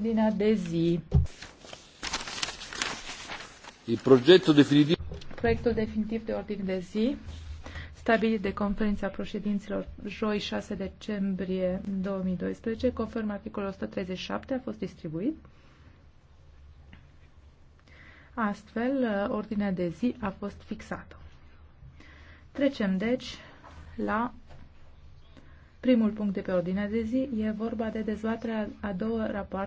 ordinea de zi. Proiectul definitiv... Proiectul definitiv de ordine de zi stabilit de conferința președinților joi 6 decembrie 2012, conform articolul 137, a fost distribuit. Astfel, ordinea de zi a fost fixată. Trecem, deci, la primul punct de pe ordinea de zi. E vorba de dezbaterea a două rapoarte.